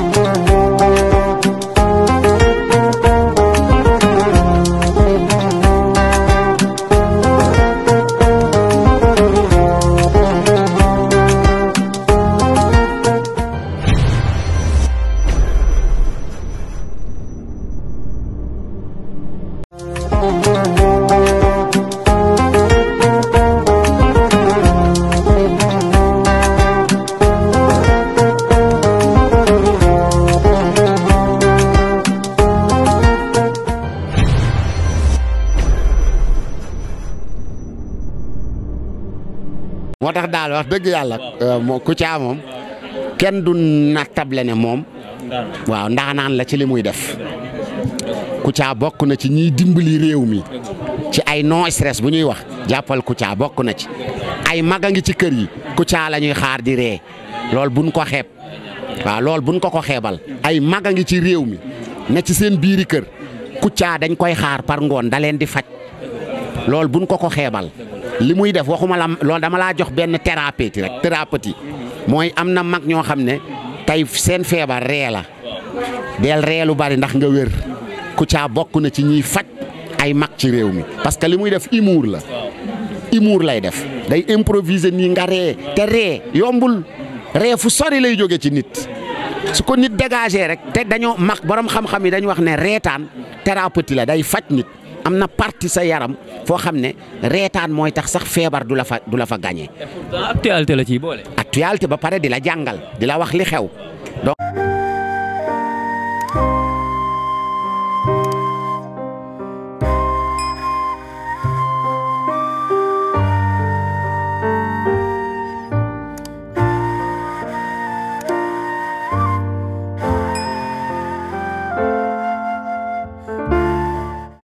Thank you. moo tax daal wax dëgg yàlla euh, moom Kouthia moom kenn du nattable ne moom waaw ndaanaan la ci li muy def Kouthia bokk na ci ñiy dimbuli réew mi ci ay non stress bu ñuy wax jàppal Kouthia bokk na ci ay mag a ngi ci kër yi Kouthia la ñuy xaar di ree loolu buñ ko xeeb waaw loolu buñ ko ko xeebal ay mag a ngi ci réew mi ne ci seen biiri kër Kouthia dañ koy xaar par ngoon da leen di faj loolu buñ ko ko xeebal li muy def waxuma la loolu dama laa jox benn thérapeute rek thérapeutique mooy am na mag ñoo xam ne tey seen feebar ree la del ree lu bari ndax nga wér Kouthia bokk na ci ñiy faj ay mag ci réew mi parce que li muy def humour la humour lay def day improviser nii nga ree te ree yombul ree fu sori lay jóge ci nit su ko nit dégagé rek te dañoo mag borom xam-xam yi dañu wax ne reetaan thérapeutique la day faj nit am na partie sa yaram foo xam ne reetaan mooy tax sax feebar du la fa du la fa gagné. et pourtant actualité la ciy boole. actualité ba pare di la jàngal di la wax li xew